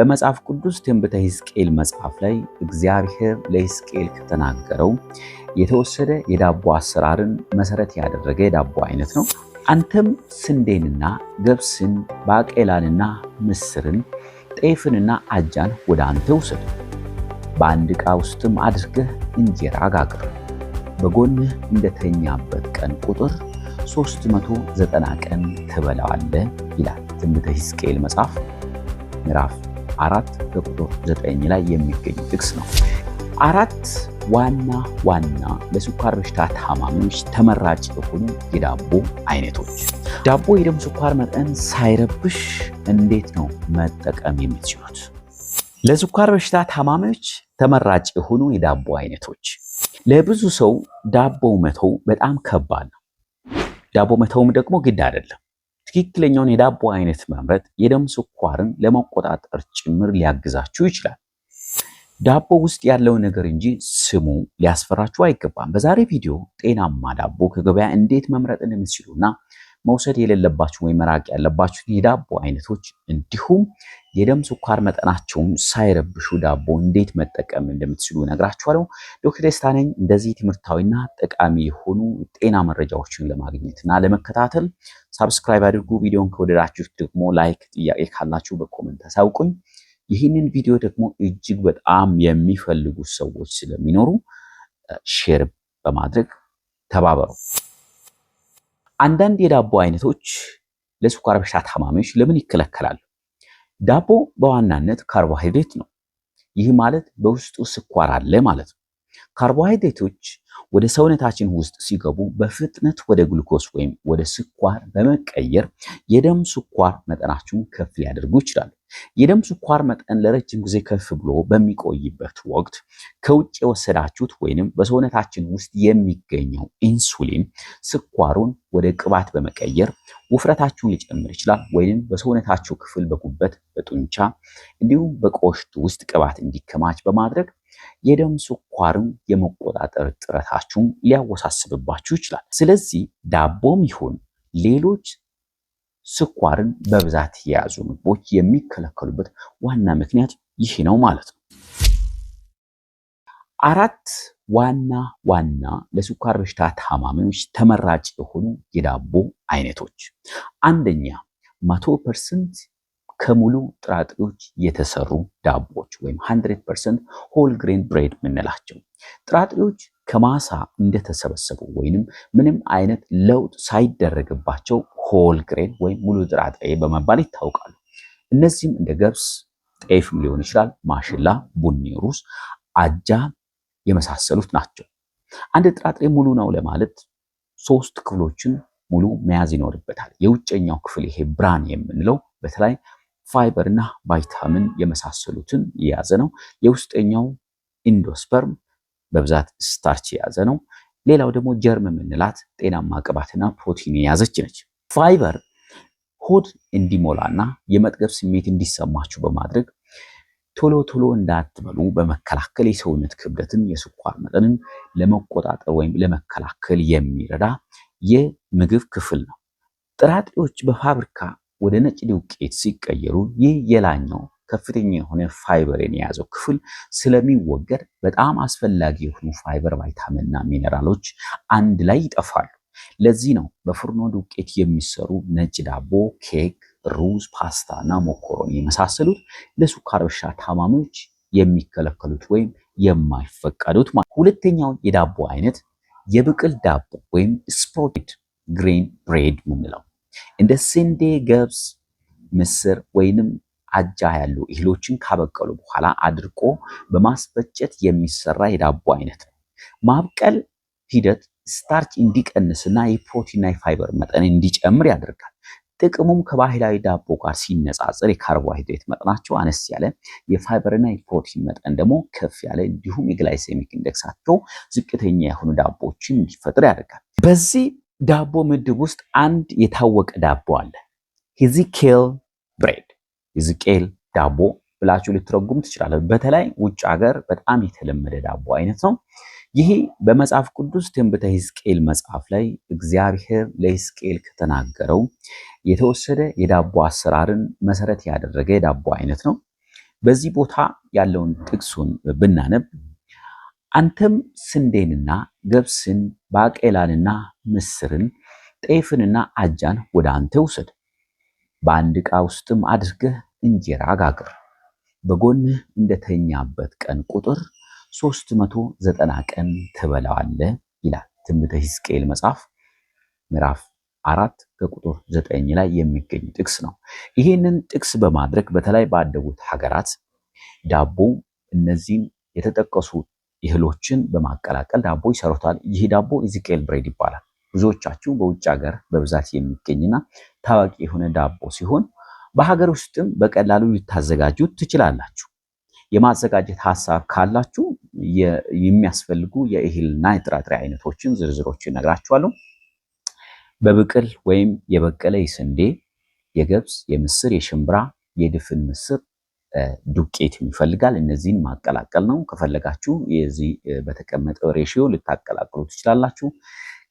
በመጽሐፍ ቅዱስ ትንቢተ ሕዝቅኤል መጽሐፍ ላይ እግዚአብሔር ለሕዝቅኤል ከተናገረው የተወሰደ የዳቦ አሰራርን መሰረት ያደረገ የዳቦ አይነት ነው። አንተም ስንዴንና ገብስን ባቄላንና ምስርን ጤፍንና አጃን ወደ አንተ ውሰድ። በአንድ ዕቃ ውስጥም አድርገህ እንጀራ ጋግር። በጎንህ እንደተኛበት ቀን ቁጥር 390 ቀን ትበላዋለህ ይላል ትንቢተ ሕዝቅኤል መጽሐፍ ምዕራፍ አራት ከቁጥር ዘጠኝ ላይ የሚገኝ ጥቅስ ነው። አራት ዋና ዋና ለስኳር በሽታ ታማሚዎች ተመራጭ የሆኑ የዳቦ አይነቶች። ዳቦ የደም ስኳር መጠን ሳይረብሽ እንዴት ነው መጠቀም የምትችሉት? ለስኳር በሽታ ታማሚዎች ተመራጭ የሆኑ የዳቦ አይነቶች። ለብዙ ሰው ዳቦ መተው በጣም ከባድ ነው። ዳቦ መተውም ደግሞ ግድ አይደለም። ትክክለኛውን የዳቦ አይነት መምረጥ የደም ስኳርን ለመቆጣጠር ጭምር ሊያግዛችሁ ይችላል። ዳቦ ውስጥ ያለው ነገር እንጂ ስሙ ሊያስፈራችሁ አይገባም። በዛሬ ቪዲዮ ጤናማ ዳቦ ከገበያ እንዴት መምረጥ እንደምትችሉና መውሰድ የሌለባችሁ ወይ መራቅ ያለባችሁ የዳቦ አይነቶች እንዲሁም የደም ስኳር መጠናቸውም ሳይረብሹ ዳቦ እንዴት መጠቀም እንደምትችሉ ነግራችኋለሁ። ዶክተር ደስታ ነኝ። እንደዚህ ትምህርታዊና ጠቃሚ የሆኑ ጤና መረጃዎችን ለማግኘት እና ለመከታተል ሳብስክራይብ አድርጉ። ቪዲዮን ከወደዳችሁ ደግሞ ላይክ፣ ጥያቄ ካላችሁ በኮመንት አሳውቁኝ። ይህንን ቪዲዮ ደግሞ እጅግ በጣም የሚፈልጉ ሰዎች ስለሚኖሩ ሼር በማድረግ ተባበሩ። አንዳንድ የዳቦ አይነቶች ለስኳር በሽታ ታማሚዎች ለምን ይከለከላሉ? ዳቦ በዋናነት ካርቦሃይድሬት ነው። ይህ ማለት በውስጡ ስኳር አለ ማለት ነው። ካርቦሃይድሬቶች ወደ ሰውነታችን ውስጥ ሲገቡ በፍጥነት ወደ ግሉኮስ ወይም ወደ ስኳር በመቀየር የደም ስኳር መጠናችሁን ከፍ ሊያደርጉ ይችላሉ። የደም ስኳር መጠን ለረጅም ጊዜ ከፍ ብሎ በሚቆይበት ወቅት ከውጭ የወሰዳችሁት ወይንም በሰውነታችን ውስጥ የሚገኘው ኢንሱሊን ስኳሩን ወደ ቅባት በመቀየር ውፍረታችሁን ሊጨምር ይችላል። ወይንም በሰውነታችሁ ክፍል በጉበት፣ በጡንቻ እንዲሁም በቆሽት ውስጥ ቅባት እንዲከማች በማድረግ የደም ስኳርን የመቆጣጠር ጥረታችሁን ሊያወሳስብባችሁ ይችላል። ስለዚህ ዳቦም ይሁን ሌሎች ስኳርን በብዛት የያዙ ምግቦች የሚከለከሉበት ዋና ምክንያት ይህ ነው ማለት ነው። አራት ዋና ዋና ለስኳር በሽታ ታማሚዎች ተመራጭ የሆኑ የዳቦ አይነቶች አንደኛ መቶ ፐርሰንት ከሙሉ ጥራጥሬዎች የተሰሩ ዳቦዎች ወይም 100 ፐርሰንት ሆል ግሬን ብሬድ የምንላቸው ጥራጥሬዎች ከማሳ እንደተሰበሰቡ ወይንም ምንም አይነት ለውጥ ሳይደረግባቸው ሆል ግሬን ወይም ሙሉ ጥራጥሬ በመባል ይታወቃሉ። እነዚህም እንደ ገብስ፣ ጤፍም ሊሆን ይችላል፣ ማሽላ፣ ቡኒ ሩዝ፣ አጃ የመሳሰሉት ናቸው። አንድ ጥራጥሬ ሙሉ ነው ለማለት ሶስት ክፍሎችን ሙሉ መያዝ ይኖርበታል። የውጨኛው ክፍል ይሄ ብራን የምንለው በተለይ ፋይበር እና ቫይታሚን የመሳሰሉትን የያዘ ነው። የውስጠኛው ኢንዶስፐርም በብዛት ስታርች የያዘ ነው። ሌላው ደግሞ ጀርም የምንላት ጤናማ ቅባትና ፕሮቲን የያዘች ነች። ፋይበር ሆድ እንዲሞላና የመጥገብ ስሜት እንዲሰማችሁ በማድረግ ቶሎ ቶሎ እንዳትበሉ በመከላከል የሰውነት ክብደትን፣ የስኳር መጠንን ለመቆጣጠር ወይም ለመከላከል የሚረዳ የምግብ ክፍል ነው። ጥራጥሬዎች በፋብሪካ ወደ ነጭ ዱቄት ሲቀየሩ ይህ የላኛው ከፍተኛ የሆነ ፋይበርን የያዘው ክፍል ስለሚወገድ በጣም አስፈላጊ የሆኑ ፋይበር፣ ቫይታሚንና ሚኔራሎች አንድ ላይ ይጠፋሉ። ለዚህ ነው በፍርኖ ዱቄት የሚሰሩ ነጭ ዳቦ፣ ኬክ፣ ሩዝ፣ ፓስታ እና ሞኮሮኒ የመሳሰሉት ለሱካር በሽታ ታማሚዎች የሚከለከሉት ወይም የማይፈቀዱት ማለት። ሁለተኛው የዳቦ አይነት የብቅል ዳቦ ወይም ስፕሮትድ ግሬን ብሬድ ምንለው እንደ ስንዴ፣ ገብስ፣ ምስር ወይንም አጃ ያሉ እህሎችን ካበቀሉ በኋላ አድርቆ በማስፈጨት የሚሰራ የዳቦ አይነት ነው። ማብቀል ሂደት ስታርች እንዲቀንስና የፕሮቲንና የፋይበር መጠን እንዲጨምር ያደርጋል። ጥቅሙም ከባህላዊ ዳቦ ጋር ሲነጻጸር የካርቦሃይድሬት መጠናቸው አነስ ያለ፣ የፋይበርና የፕሮቲን መጠን ደግሞ ከፍ ያለ እንዲሁም የግላይሴሚክ ኢንዴክሳቸው ዝቅተኛ የሆኑ ዳቦችን እንዲፈጥር ያደርጋል። በዚህ ዳቦ ምድብ ውስጥ አንድ የታወቀ ዳቦ አለ። ሂዚኬል ብሬድ፣ ሂዚኬል ዳቦ ብላችሁ ልትረጉም ትችላለን። በተለይ ውጭ ሀገር በጣም የተለመደ ዳቦ አይነት ነው። ይሄ በመጽሐፍ ቅዱስ ትንቢተ ሂዝቅኤል መጽሐፍ ላይ እግዚአብሔር ለሂዝቅኤል ከተናገረው የተወሰደ የዳቦ አሰራርን መሰረት ያደረገ የዳቦ አይነት ነው። በዚህ ቦታ ያለውን ጥቅሱን ብናነብ አንተም ስንዴንና ገብስን፣ ባቄላንና ምስርን፣ ጤፍንና አጃን ወደ አንተ ውሰድ። በአንድ ዕቃ ውስጥም አድርገህ እንጀራ ጋግር። በጎንህ እንደተኛበት ቀን ቁጥር 390 መቶ ቀን ትበላዋለህ ይላል ትንቢተ ሕዝቅኤል መጽሐፍ ምዕራፍ አራት ከቁጥር ዘጠኝ ላይ የሚገኝ ጥቅስ ነው። ይህንን ጥቅስ በማድረግ በተለይ ባደጉት ሀገራት ዳቦ እነዚህን የተጠቀሱ እህሎችን በማቀላቀል ዳቦ ይሰሩታል። ይህ ዳቦ ኢዚቅኤል ብሬድ ይባላል። ብዙዎቻችሁ በውጭ ሀገር በብዛት የሚገኝና ታዋቂ የሆነ ዳቦ ሲሆን በሀገር ውስጥም በቀላሉ ልታዘጋጁ ትችላላችሁ። የማዘጋጀት ሀሳብ ካላችሁ የሚያስፈልጉ የእህልና የጥራጥሬ አይነቶችን ዝርዝሮች እነግራችኋለሁ። በብቅል ወይም የበቀለ የስንዴ፣ የገብስ፣ የምስር፣ የሽምብራ፣ የድፍን ምስር፣ ዱቄትም ይፈልጋል። እነዚህን ማቀላቀል ነው። ከፈለጋችሁ የዚህ በተቀመጠው ሬሽዮ ልታቀላቅሉ ትችላላችሁ።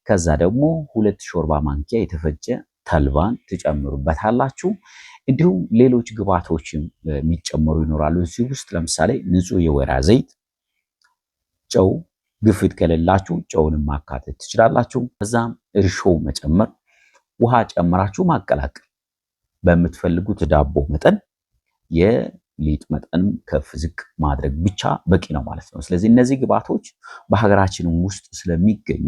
ከዛ ደግሞ ሁለት ሾርባ ማንኪያ የተፈጨ ተልባን ትጨምሩበታላችሁ። እንዲሁም ሌሎች ግብዓቶችም የሚጨመሩ ይኖራሉ እዚህ ውስጥ ለምሳሌ ንጹህ የወይራ ዘይት፣ ጨው፣ ግፊት ከሌላችሁ ጨውንም ማካተት ትችላላችሁ። ከዛም እርሾ መጨመር፣ ውሃ ጨምራችሁ ማቀላቀል በምትፈልጉት ዳቦ መጠን ሊጥ መጠን ከፍ ዝቅ ማድረግ ብቻ በቂ ነው ማለት ነው። ስለዚህ እነዚህ ግብዓቶች በሀገራችን ውስጥ ስለሚገኙ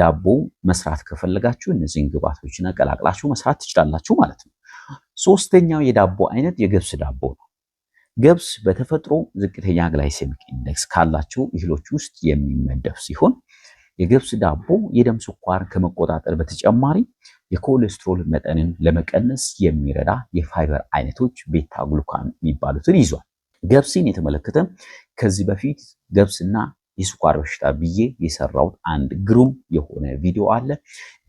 ዳቦ መስራት ከፈለጋችሁ እነዚህን ግብዓቶችን አቀላቅላችሁ መስራት ትችላላችሁ ማለት ነው። ሶስተኛው የዳቦ አይነት የገብስ ዳቦ ነው። ገብስ በተፈጥሮ ዝቅተኛ ግላይሴሚክ ኢንደክስ ካላቸው እህሎች ውስጥ የሚመደብ ሲሆን የገብስ ዳቦ የደም ስኳርን ከመቆጣጠር በተጨማሪ የኮሌስትሮል መጠንን ለመቀነስ የሚረዳ የፋይበር አይነቶች ቤታ ግሉካን የሚባሉትን ይዟል። ገብስን የተመለከተ ከዚህ በፊት ገብስና የስኳር በሽታ ብዬ የሰራሁት አንድ ግሩም የሆነ ቪዲዮ አለ።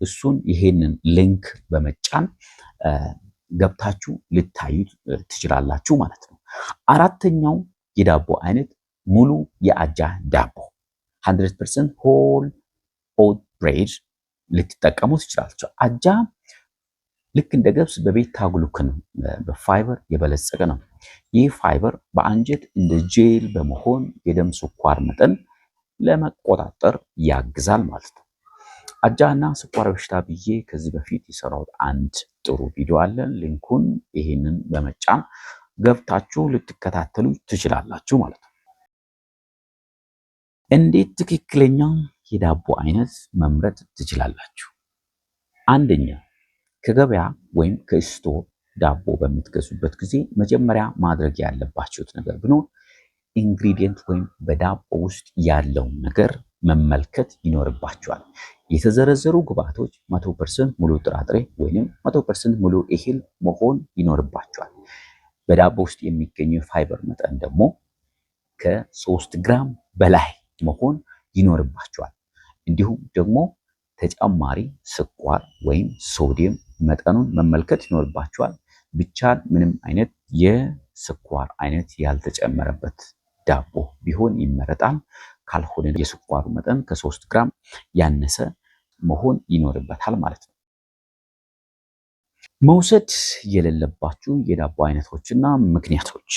እሱን ይሄንን ሊንክ በመጫን ገብታችሁ ልታዩት ትችላላችሁ ማለት ነው። አራተኛው የዳቦ አይነት ሙሉ የአጃ ዳቦ 100 ፐርሰንት ሆል ኦት ብሬድ ልትጠቀሙ ትችላላችሁ። አጃ ልክ እንደ ገብስ በቤታ ግሉከን በፋይበር የበለጸገ ነው። ይህ ፋይበር በአንጀት እንደ ጄል በመሆን የደም ስኳር መጠን ለመቆጣጠር ያግዛል ማለት ነው። አጃ እና ስኳር በሽታ ብዬ ከዚህ በፊት የሰራሁት አንድ ጥሩ ቪዲዮ አለ። ሊንኩን ይህንን በመጫን ገብታችሁ ልትከታተሉ ትችላላችሁ ማለት ነው። እንዴት ትክክለኛ የዳቦ አይነት መምረጥ ትችላላችሁ? አንደኛ ከገበያ ወይም ከስቶር ዳቦ በምትገዙበት ጊዜ መጀመሪያ ማድረግ ያለባችሁት ነገር ቢኖር ኢንግሪዲየንት ወይም በዳቦ ውስጥ ያለውን ነገር መመልከት ይኖርባችኋል። የተዘረዘሩ ግብዓቶች 100% ሙሉ ጥራጥሬ ወይም 100% ሙሉ እህል መሆን ይኖርባቸዋል። በዳቦ ውስጥ የሚገኘው ፋይበር መጠን ደግሞ ከ3 ግራም በላይ መሆን ይኖርባቸዋል። እንዲሁም ደግሞ ተጨማሪ ስኳር ወይም ሶዲየም መጠኑን መመልከት ይኖርባቸዋል። ብቻን ምንም አይነት የስኳር አይነት ያልተጨመረበት ዳቦ ቢሆን ይመረጣል። ካልሆነ የስኳሩ መጠን ከሶስት ግራም ያነሰ መሆን ይኖርበታል ማለት ነው። መውሰድ የሌለባችሁ የዳቦ አይነቶችና ምክንያቶች፣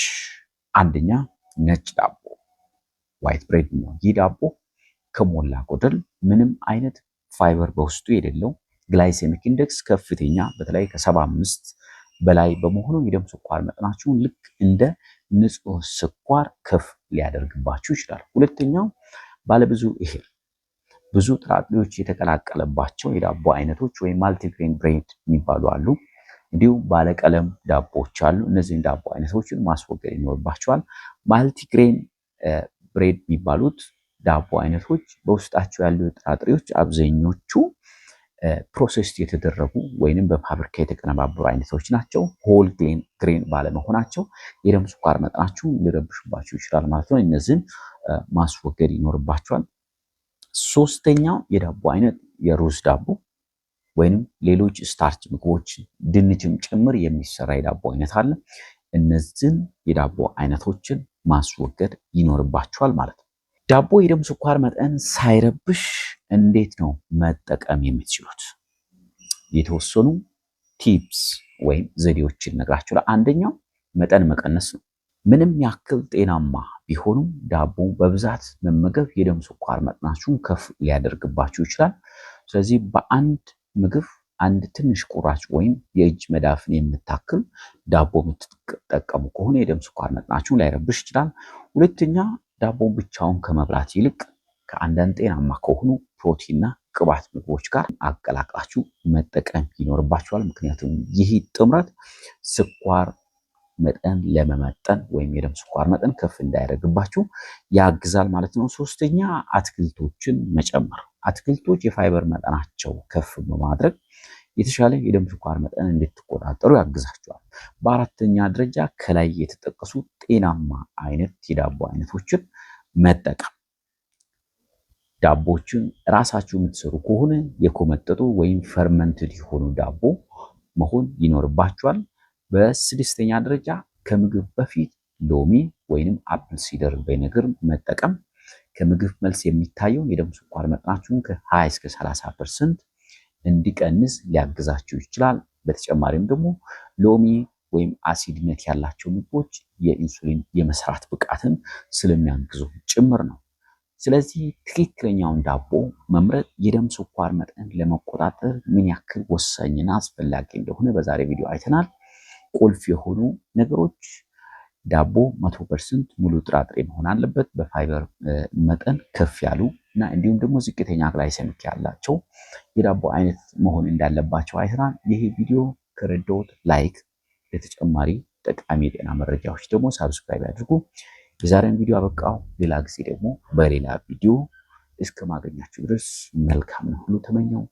አንደኛ ነጭ ዳቦ ዋይት ብሬድ ነው። ይህ ዳቦ ከሞላ ጎደል ምንም አይነት ፋይበር በውስጡ የሌለው ግላይሴሚክ ኢንደክስ ከፍተኛ በተለይ ከ75 በላይ በመሆኑ የደም ስኳር መጠናችሁን ልክ እንደ ንጹህ ስኳር ከፍ ሊያደርግባችሁ ይችላል። ሁለተኛው ባለብዙ እህል ብዙ ጥራጥሬዎች የተቀላቀለባቸው የዳቦ አይነቶች ወይም ማልቲግሬን ብሬድ የሚባሉ አሉ። እንዲሁም ባለቀለም ዳቦዎች አሉ። እነዚህን ዳቦ አይነቶችን ማስወገድ ይኖርባቸዋል። ማልቲግሬን ብሬድ የሚባሉት ዳቦ አይነቶች በውስጣቸው ያሉ ጥራጥሬዎች አብዛኞቹ ፕሮሴስ የተደረጉ ወይንም በፋብሪካ የተቀነባበሩ አይነቶች ናቸው። ሆል ግሬን ባለመሆናቸው የደም ስኳር መጠናችሁ ሊረብሽባቸው ይችላል ማለት ነው። እነዚህን ማስወገድ ይኖርባቸዋል። ሶስተኛው የዳቦ አይነት የሩዝ ዳቦ ወይንም ሌሎች ስታርች ምግቦች ድንችም ጭምር የሚሰራ የዳቦ አይነት አለ። እነዚህን የዳቦ አይነቶችን ማስወገድ ይኖርባቸዋል ማለት ነው። ዳቦ የደም ስኳር መጠን ሳይረብሽ እንዴት ነው መጠቀም የምትችሉት? የተወሰኑ ቲፕስ ወይም ዘዴዎችን ነግራችኋለሁ። አንደኛው መጠን መቀነስ ነው። ምንም ያክል ጤናማ ቢሆኑ ዳቦ በብዛት መመገብ የደም ስኳር መጠናችሁን ከፍ ሊያደርግባችሁ ይችላል። ስለዚህ በአንድ ምግብ አንድ ትንሽ ቁራጭ ወይም የእጅ መዳፍን የምታክል ዳቦ የምትጠቀሙ ከሆነ የደም ስኳር መጠናችሁን ላይረብሽ ይችላል። ሁለተኛ ዳቦ ብቻውን ከመብላት ይልቅ ከአንዳንድ ጤናማ ከሆኑ ፕሮቲንና ቅባት ምግቦች ጋር አቀላቅላችሁ መጠቀም ይኖርባችኋል። ምክንያቱም ይህ ጥምረት ስኳር መጠን ለመመጠን ወይም የደም ስኳር መጠን ከፍ እንዳያደርግባችሁ ያግዛል ማለት ነው። ሶስተኛ አትክልቶችን መጨመር አትክልቶች የፋይበር መጠናቸው ከፍ በማድረግ የተሻለ የደም ስኳር መጠን እንድትቆጣጠሩ ያግዛቸዋል። በአራተኛ ደረጃ ከላይ የተጠቀሱ ጤናማ አይነት የዳቦ አይነቶችን መጠቀም። ዳቦችን ራሳችሁ የምትሰሩ ከሆነ የኮመጠጡ ወይም ፈርመንትድ የሆኑ ዳቦ መሆን ይኖርባቸዋል። በስድስተኛ ደረጃ ከምግብ በፊት ሎሚ ወይንም አፕል ሲደር ቪኔገር መጠቀም ከምግብ መልስ የሚታየው የደም ስኳር መጠናችሁን ከ20 እስከ 30 ፐርሰንት እንዲቀንስ ሊያግዛችሁ ይችላል። በተጨማሪም ደግሞ ሎሚ ወይም አሲድነት ያላቸው ምግቦች የኢንሱሊን የመስራት ብቃትን ስለሚያግዙ ጭምር ነው። ስለዚህ ትክክለኛውን ዳቦ መምረጥ የደም ስኳር መጠን ለመቆጣጠር ምን ያክል ወሳኝና አስፈላጊ እንደሆነ በዛሬ ቪዲዮ አይተናል። ቁልፍ የሆኑ ነገሮች ዳቦ መቶ ፐርሰንት ሙሉ ጥራጥሬ መሆን አለበት። በፋይበር መጠን ከፍ ያሉ እና እንዲሁም ደግሞ ዝቅተኛ ግላይሰሚክ ያላቸው የዳቦ አይነት መሆን እንዳለባቸው አይተናል። ይህ ቪዲዮ ከረዳዎት ላይክ፣ ለተጨማሪ ጠቃሚ የጤና መረጃዎች ደግሞ ሳብስክራይብ ያድርጉ። የዛሬን ቪዲዮ አበቃው። ሌላ ጊዜ ደግሞ በሌላ ቪዲዮ እስከማገኛችሁ ድረስ መልካም ሁሉ ተመኘው።